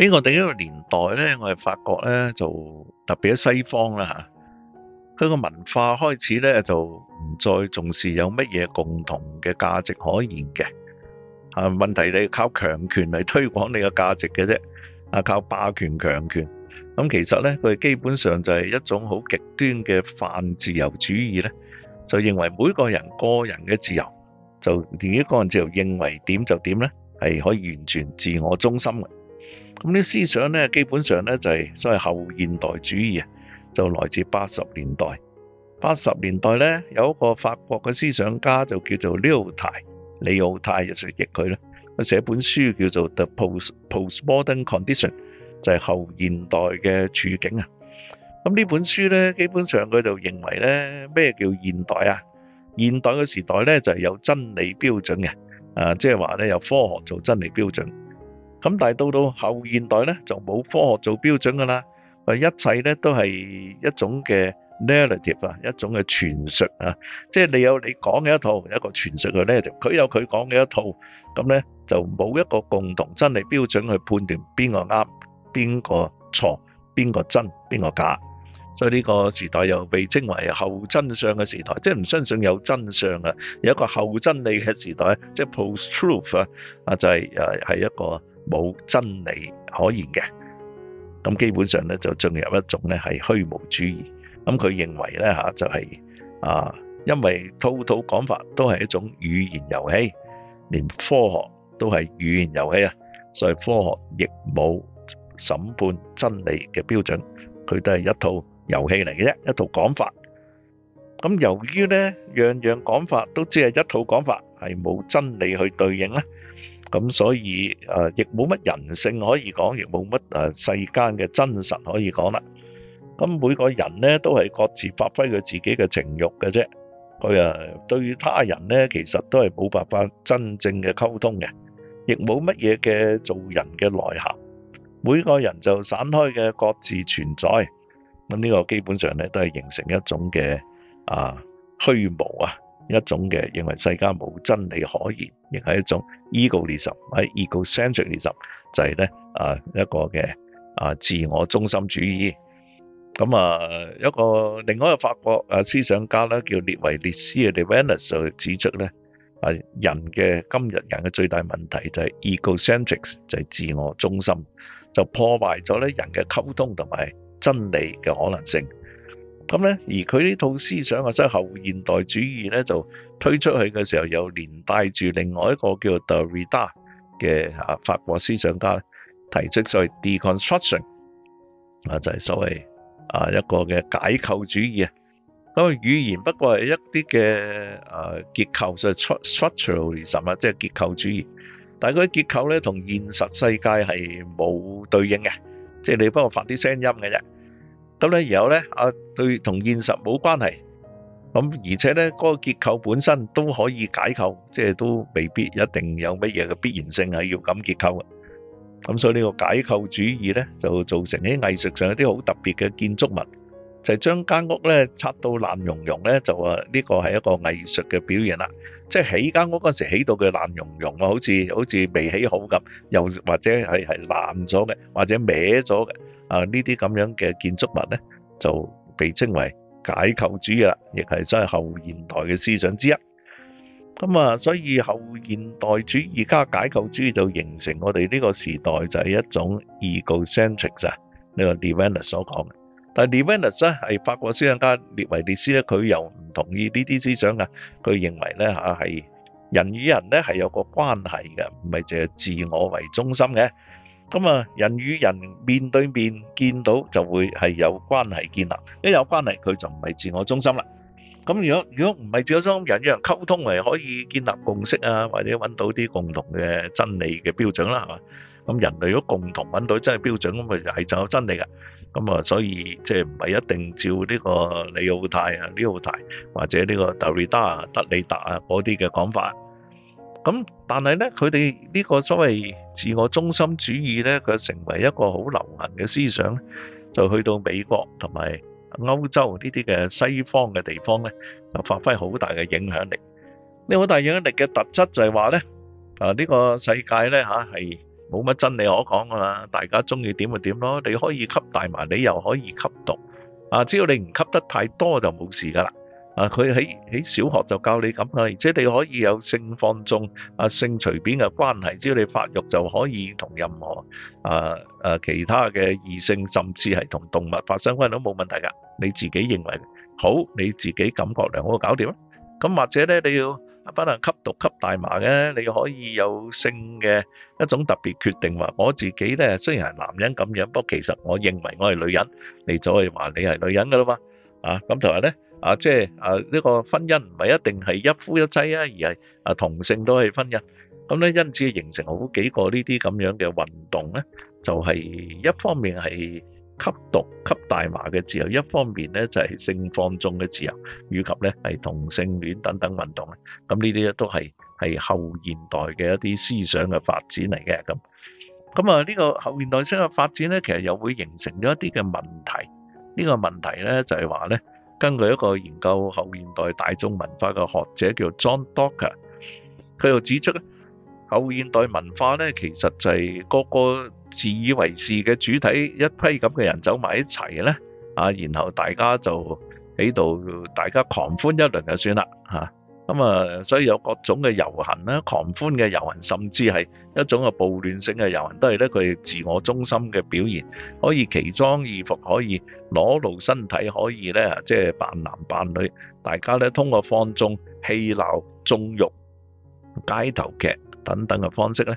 喺我哋呢個年代咧，我哋發覺咧就特別喺西方啦吓，佢個文化開始咧就唔再重視有乜嘢共同嘅價值可言嘅。啊，問題你靠強權嚟推廣你嘅價值嘅啫。啊，靠霸權、強權。咁其實咧，佢哋基本上就係一種好極端嘅泛自由主義咧，就認為每個人個人嘅自由就連一個人自由認為點就點咧，係可以完全自我中心嘅。咁呢思想咧，基本上咧就係所謂後現代主義啊，就來自八十年代。八十年代咧，有一個法國嘅思想家就叫做利奧泰，利奧泰就成譯佢咧，佢寫本書叫做《The Post-Postmodern Condition》，就係後現代嘅處境啊。咁呢本書咧，基本上佢就認為咧，咩叫現代啊？現代嘅時代咧，就係有真理標準嘅，啊，即係話咧，有科學做真理標準。咁但係到到後現代咧就冇科學做標準㗎啦，一切咧都係一種嘅 narrative 啊，一種嘅傳述啊，即係你有你講嘅一套，有一個傳述嘅 narrative 佢有佢講嘅一套，咁咧就冇一個共同真理標準去判斷邊個啱，邊個錯，邊個真，邊個假，所以呢個時代又被稱為後真相嘅時代，即係唔相信有真相啊，有一個後真理嘅時代，即係 post truth 啊，啊就係係一個。冇真理可言嘅，咁基本上咧就進入一種咧係虛無主義。咁佢認為咧吓就係啊，因為套套講法都係一種語言遊戲，連科學都係語言遊戲啊，所以科學亦冇審判真理嘅標準，佢都係一套遊戲嚟嘅啫，一套講法。咁由於咧樣樣講法都只係一套講法，係冇真理去對應咧。咁所以誒，亦冇乜人性可以講，亦冇乜誒世間嘅真實可以講啦。咁每個人咧都係各自發揮佢自己嘅情慾嘅啫，佢誒對他人咧其實都係冇辦法真正嘅溝通嘅，亦冇乜嘢嘅做人嘅內涵。每個人就散開嘅各自存在，咁呢個基本上咧都係形成一種嘅啊虛無啊。一種嘅認為世界冇真理可言，亦係一種 egoism 喺 egocentricism，就係咧啊一個嘅啊自我中心主義。咁啊一個另外一個法國啊思想家咧叫列維列斯嘅《d e v a n l e r s 就指出咧啊人嘅今日人嘅最大問題就係 egocentric，就係自我中心，就破壞咗咧人嘅溝通同埋真理嘅可能性。咁咧，而佢呢套思想或者後現代主義咧，就推出去嘅時候，又連帶住另外一個叫 Derrida 嘅啊法國思想家提出所謂 deconstruction 啊，就係所謂啊一個嘅解構主義啊。咁啊，語言不過係一啲嘅結構，所就係 structuralism 啊，即係結構主義。但係嗰啲結構咧，同現實世界係冇對應嘅，即係你幫我發啲聲音嘅啫。咁咧，然後呢，啊，對，同現實冇關係。咁而且呢，嗰個結構本身都可以解構，即係都未必一定有乜嘢嘅必然性係要咁結構啊。咁所以呢個解構主義呢，就造成啲藝術上有啲好特別嘅建築物。就將間屋咧拆到爛溶溶咧，就話呢個係一個藝術嘅表現啦。即係起間屋嗰陣時起到嘅爛溶溶，好似好似未起好咁，又或者係係爛咗嘅，或者歪咗嘅。啊，這這呢啲咁樣嘅建築物咧，就被稱為解構主義啦，亦係所謂後現代嘅思想之一。咁、嗯、啊，所以後現代主義加解構主義就形成我哋呢個時代就係一種 egocentric 啊，呢個 Derrida 所講嘅。啊，列維納斯咧係法國思想家列維列斯咧，佢又唔同意呢啲思想噶。佢認為咧嚇係人與人咧係有個關係嘅，唔係淨係自我為中心嘅。咁啊，人與人面對面見到就會係有關係建立。一有關係，佢就唔係自我中心啦。咁如果如果唔係自我中心，人與人溝通嚟可以建立共識啊，或者揾到啲共同嘅真理嘅標準啦，係嘛？咁人類如果共同揾到真係標準，咁咪係就有真理噶。咁、嗯、啊，所以即係唔係一定照呢個李奧泰啊、李奧泰，或者呢個德里達啊、德里達啊嗰啲嘅講法。咁但係咧，佢哋呢個所謂自我中心主義咧，佢成為一個好流行嘅思想，就去到美國同埋歐洲呢啲嘅西方嘅地方咧，就發揮好大嘅影響力。呢好大影響力嘅特質就係話咧，啊呢個世界咧吓係。啊冇乜真理可講㗎啦，大家中意點就點咯。你可以吸大麻，你又可以吸毒，啊，只要你唔吸得太多就冇事㗎啦。啊，佢喺喺小學就教你咁啊，而且你可以有性放縱，啊，性隨便嘅關係，只要你發育就可以同任何，啊啊，其他嘅異性，甚至係同動物發生關係都冇問題㗎。你自己認為好，你自己感覺良好就搞掂啦。咁或者咧，你要不能吸毒、吸大麻嘅，你可以有性嘅一種特別決定。話我自己咧，雖然係男人咁樣，不過其實我認為我係女人。你就可以話你係女人噶啦嘛。啊，咁同埋咧，啊，即係啊呢個婚姻唔係一定係一夫一妻啊，而係啊同性都係婚姻。咁咧，因此形成好幾個呢啲咁樣嘅運動咧，就係一方面係。吸毒、吸大麻嘅自由，一方面咧就係、是、性放縱嘅自由，以及咧係同性戀等等運動咧，咁呢啲咧都係係後現代嘅一啲思想嘅發展嚟嘅咁。咁啊，呢個後現代性嘅發展咧，其實又會形成咗一啲嘅問題。呢、這個問題咧就係話咧，根據一個研究後現代大眾文化嘅學者叫 John Docker，佢又指出咧，後現代文化咧其實就係個個。自以為是嘅主體一批咁嘅人走埋一齊咧，啊，然後大家就喺度大家狂歡一輪就算啦，吓咁啊，所以有各種嘅遊行啦，狂歡嘅遊行，甚至係一種嘅暴亂性嘅遊行，都係呢佢自我中心嘅表現，可以奇裝異服，可以裸露身體，可以咧即係扮男扮女，大家咧通過放縱、嬉鬧、縱欲、街頭劇等等嘅方式咧。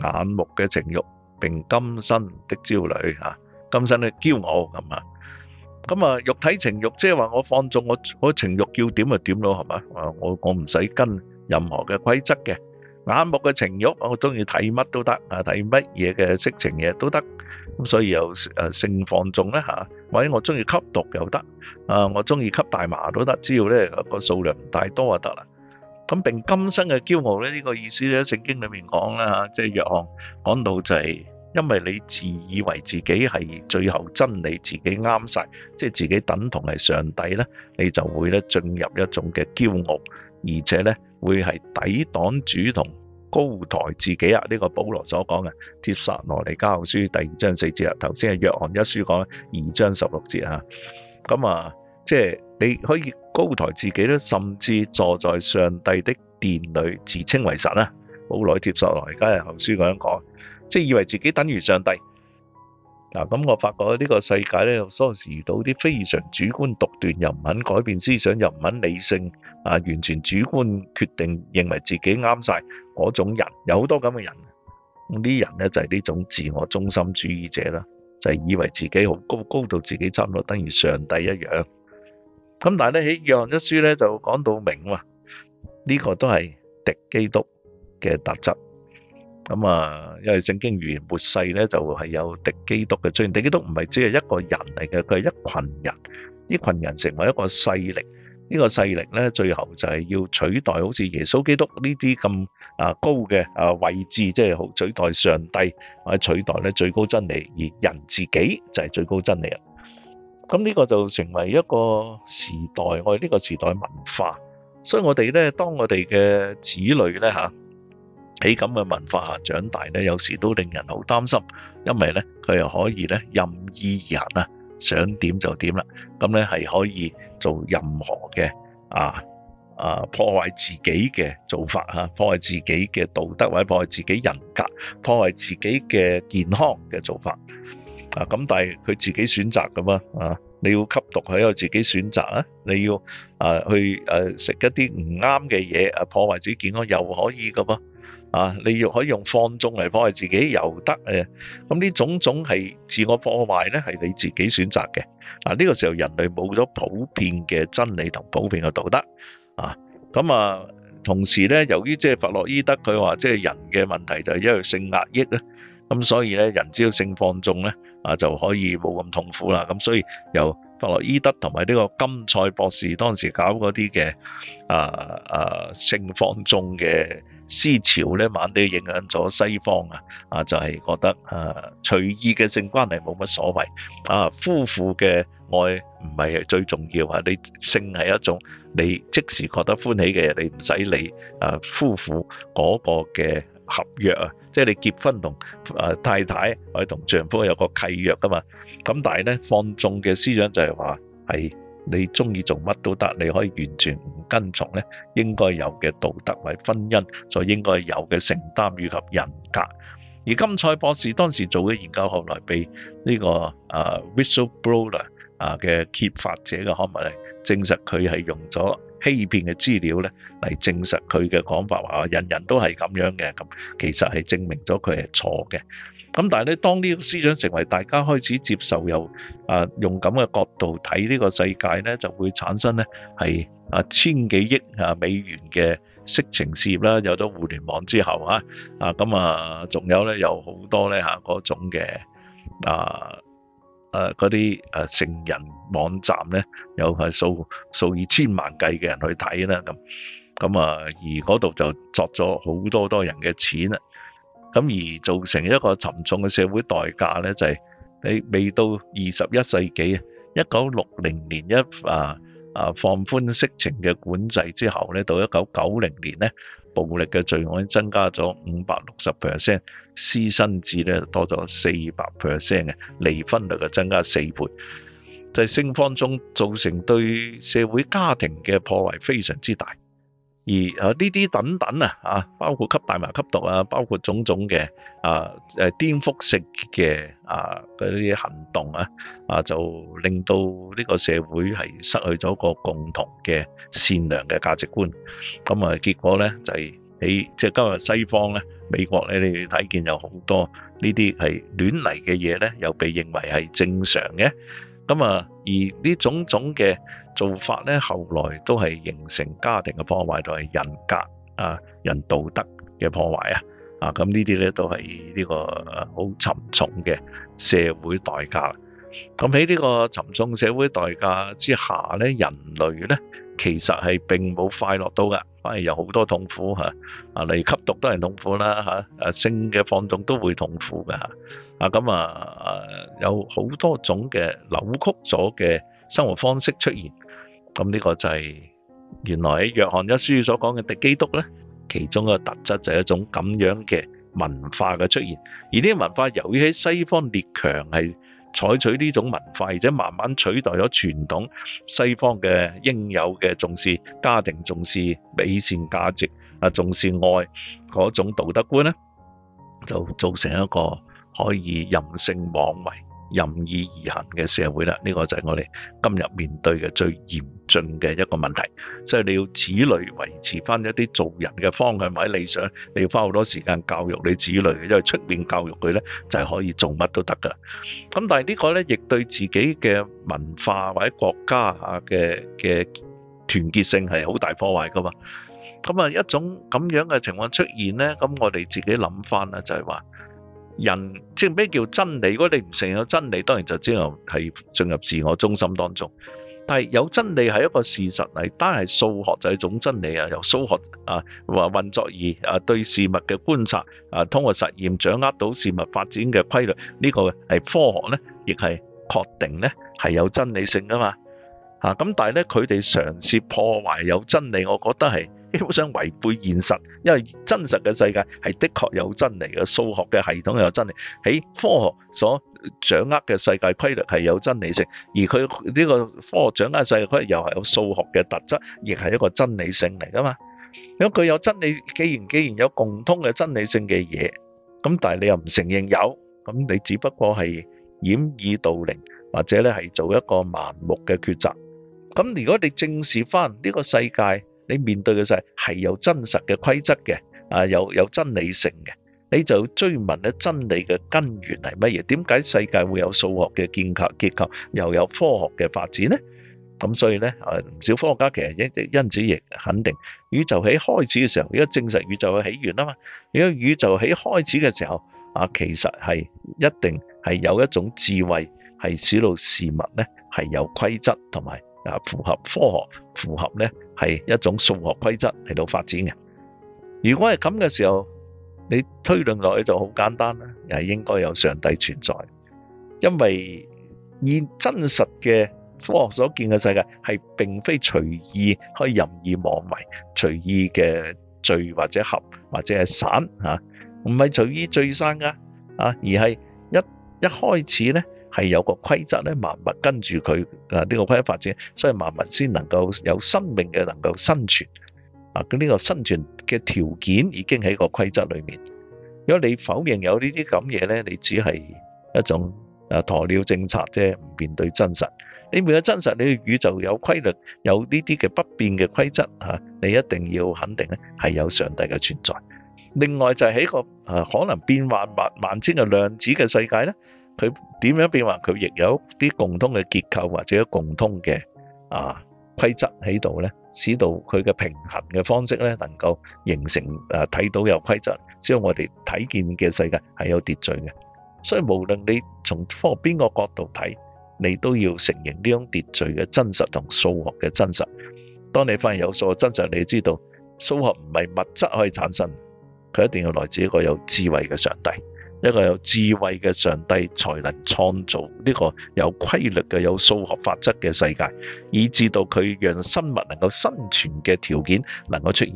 眼目嘅情慾，並今生的焦慮嚇，今生嘅驕傲咁啊，咁啊，肉體情欲即係話我放縱我我情慾要點就點咯係嘛，我我唔使跟任何嘅規則嘅，眼目嘅情慾我中意睇乜都得啊，睇乜嘢嘅色情嘢都得，咁所以又誒性放縱咧吓，或者我中意吸毒又得啊，我中意吸大麻都得，只要咧個數量唔太多就得啦。咁並今生嘅驕傲咧，呢個意思咧喺聖經裏面講啦，即係約翰講到就係因為你自以為自己係最後真理，自己啱晒，即係自己等同係上帝咧，你就會咧進入一種嘅驕傲，而且咧會係抵擋主同高抬自己啊！呢個保羅所講嘅《帖撒羅尼迦後書》第二章四節啊，頭先係約翰一書講二章十六節啊。咁啊～即係你可以高抬自己咧，甚至坐在上帝的殿裏，自稱為神啊。奧來帖撒羅，而家係後書咁樣講，即係以為自己等於上帝嗱。咁、啊、我發覺呢個世界咧，有時遇到啲非常主觀、獨斷、又唔肯改變思想、又唔肯理性啊，完全主觀決定，認為自己啱晒嗰種人，有好多咁嘅人。人呢人咧就係、是、呢種自我中心主義者啦，就係、是、以為自己好高高到自己差唔多等於上帝一樣。咁但係咧喺約翰一書咧就講到明嘛，呢個都係敵基督嘅特質。咁啊，因為聖經預言末世咧就係有敵基督嘅。雖然敵基督唔係只係一個人嚟嘅，佢係一群人。呢群人成為一個勢力，呢個勢力咧最後就係要取代好似耶穌基督呢啲咁啊高嘅啊位置，即係好取代上帝或者取代咧最高真理，而人自己就係最高真理啊。咁呢個就成為一個時代，我哋呢個時代文化，所以我哋咧，當我哋嘅子女咧嚇喺咁嘅文化下長大咧，有時都令人好擔心，因為咧佢又可以咧任意而行啊，想點就點啦，咁咧係可以做任何嘅啊啊破壞自己嘅做法、啊、破壞自己嘅道德或者破壞自己人格、破壞自己嘅健康嘅做法。啊咁，但係佢自己選擇噶嘛？啊，你要吸毒，佢有自己選擇啊！你要、啊、去食、啊、一啲唔啱嘅嘢，破壞自己健康又可以噶嘛？啊，你要可以用放縱嚟破壞自己又得誒？咁、啊、呢種種係自我破壞咧，係你自己選擇嘅。呢、啊呢個時候人類冇咗普遍嘅真理同普遍嘅道德啊。咁啊，同時咧，由於即係弗洛伊德佢話，即、就、係、是、人嘅問題就係因為性壓抑咧。咁所以咧，人只要性放縱咧。啊，就可以冇咁痛苦啦。咁所以由弗洛伊德同埋呢個金賽博士當時搞嗰啲嘅啊啊性放縱嘅思潮咧，慢啲影響咗西方啊。啊，就係覺得啊，隨意嘅性關係冇乜所謂啊，夫婦嘅愛唔係最重要啊。你性係一種你即時覺得歡喜嘅，你唔使理啊夫婦嗰個嘅合約啊，即係你結婚同誒、呃、太太或者同丈夫有個契約噶嘛。咁但係咧，放縱嘅思想就係話係你中意做乜都得，你可以完全唔跟從咧應該有嘅道德，或婚姻所應該有嘅承擔與及人格。而金賽博士當時做嘅研究後來被呢、這個誒 whistleblower。啊啊嘅揭發者嘅刊物嚟，證實佢係用咗欺騙嘅資料咧嚟證實佢嘅講法，話人人都係咁樣嘅。咁其實係證明咗佢係錯嘅。咁但係咧，當呢個思想成為大家開始接受又，又啊用咁嘅角度睇呢個世界咧，就會產生咧係啊千幾億啊美元嘅色情事業啦。有咗互聯網之後啊，啊咁啊，仲有咧有好多咧嗰種嘅啊。誒嗰啲誒成人網站咧，又係數數以千萬計嘅人去睇啦，咁咁啊，而嗰度就作咗好多多人嘅錢啦，咁而造成一個沉重嘅社會代價咧，就係、是、你未到二十一世紀，一九六零年一啊啊放寬色情嘅管制之後咧，到一九九零年咧。暴力嘅罪案增加咗五百六十 percent，私生子咧多咗四百 percent 嘅，離婚率嘅增加四倍，就係、是、性放縱中造成對社會家庭嘅破壞非常之大。而啊呢啲等等啊啊，包括吸大麻吸毒啊，包括種種嘅啊誒顛覆式嘅啊嗰啲行動啊啊，就令到呢個社會係失去咗個共同嘅善良嘅價值觀。咁啊結果咧就係你即係今日西方咧美國咧，你睇見有好多呢啲係亂嚟嘅嘢咧，又被認為係正常嘅。咁啊，而呢種種嘅做法咧，後來都係形成家庭嘅破壞，同埋人格啊、人道德嘅破壞啊，啊，咁呢啲咧都係呢個好沉重嘅社會代價。咁喺呢個沉重社會代價之下咧，人類咧其實係並冇快樂到噶，反而有好多痛苦嚇。啊，例如吸毒都係痛苦啦嚇，啊性嘅放縱都會痛苦嘅嚇。啊咁啊，有好多種嘅扭曲咗嘅生活方式出現。咁呢個就係原來喺約翰一書所講嘅敵基督咧，其中一個特質就係一種咁樣嘅文化嘅出現。而呢啲文化由於喺西方列強係，採取呢種文化，或者慢慢取代咗傳統西方嘅應有嘅重視家庭、重視美善價值啊，重視愛嗰種道德觀呢，就造成一個可以任性妄為任意而行嘅社會啦，呢個就係我哋今日面對嘅最嚴峻嘅一個問題。即係你要子女維持翻一啲做人嘅方向或者理想，你要花好多時間教育你子女，因為出面教育佢呢，就係可以做乜都得噶啦。咁但係呢個呢，亦對自己嘅文化或者國家啊嘅嘅團結性係好大破壞噶嘛。咁啊一種咁樣嘅情況出現呢，咁我哋自己諗翻啦，就係話。人即咩叫真理？如果你唔承認有真理，當然就只能係進入自我中心當中。但係有真理係一個事實嚟，單係數學就係一種真理啊！由數學啊，話運作而啊，對事物嘅觀察啊，通過實驗掌握到事物發展嘅規律，呢個係科學咧，亦係確定咧，係有真理性噶嘛？啊，咁但係咧，佢哋嘗試破壞有真理，我覺得係。基本上違背現實，因為真實嘅世界係的確有真理嘅，數學嘅系統有真理，喺科學所掌握嘅世界規律係有真理性，而佢呢個科學掌握嘅世界規律又係有數學嘅特質，亦係一個真理性嚟噶嘛。如果佢有真理，既然既然有共通嘅真理性嘅嘢，咁但係你又唔承認有，咁你只不過係掩耳盜鈴，或者咧係做一個盲目嘅抉擇。咁如果你正視翻呢個世界，你面對嘅就係係有真實嘅規則嘅，啊有有真理性嘅，你就追問咧真理嘅根源係乜嘢？點解世界會有數學嘅建構結構，又有科學嘅發展呢？咁所以咧，啊唔少科學家其實因因此亦肯定宇宙喺開始嘅時候，而家證實宇宙嘅起源啊嘛。如果宇宙喺開始嘅時候啊，其實係一定係有一種智慧係使到事物咧，係有規則同埋。啊，符合科學，符合咧係一種數學規則嚟到發展嘅。如果係咁嘅時候，你推論落去就好簡單啦，又係應該有上帝存在，因為以真實嘅科學所見嘅世界係並非隨意可以任意妄為、隨意嘅聚或者合或者係散嚇，唔係隨意聚散噶啊，而係一一開始咧。係有個規則咧，慢慢跟住佢誒呢個規則發展，所以慢慢先能夠有生命嘅能夠生存啊！咁呢個生存嘅條件已經喺個規則裏面。如果你否認有呢啲咁嘢咧，你只係一種誒鴕鳥政策啫，唔面對真實。你面對真實，你嘅宇宙有規律，有呢啲嘅不變嘅規則嚇，你一定要肯定咧，係有上帝嘅存在。另外就係喺個誒可能變幻萬萬千嘅量子嘅世界咧。佢點樣變化，佢亦有啲共通嘅結構，或者共通嘅啊規則喺度咧，使到佢嘅平衡嘅方式咧，能夠形成啊睇到有規則，使我哋睇見嘅世界係有秩序嘅。所以無論你從科學邊個角度睇，你都要承認呢種秩序嘅真實同數學嘅真實。當你發現有數學真實，你就知道數學唔係物質可以產生，佢一定要來自一個有智慧嘅上帝。一個有智慧嘅上帝才能創造呢個有規律嘅、有數學法則嘅世界，以至到佢讓生物能夠生存嘅條件能夠出現。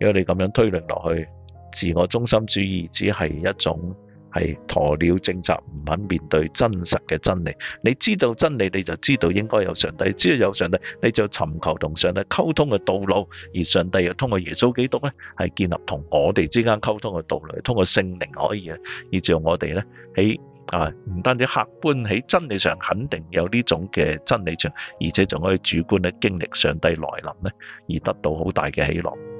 如果你咁樣推論落去，自我中心主義只係一種，係鴕鳥政策，唔肯面對真實嘅真理。你知道真理，你就知道應該有上帝。知道有上帝，你就尋求同上帝溝通嘅道路。而上帝又通過耶穌基督咧，係建立同我哋之間溝通嘅道路。通過聖靈可以啊，以至啊，而我哋咧喺啊唔單止客觀喺真理上肯定有呢種嘅真理上，而且仲可以主觀咧經歷上帝來臨咧，而得到好大嘅喜樂。